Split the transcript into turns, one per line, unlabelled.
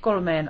kolmeen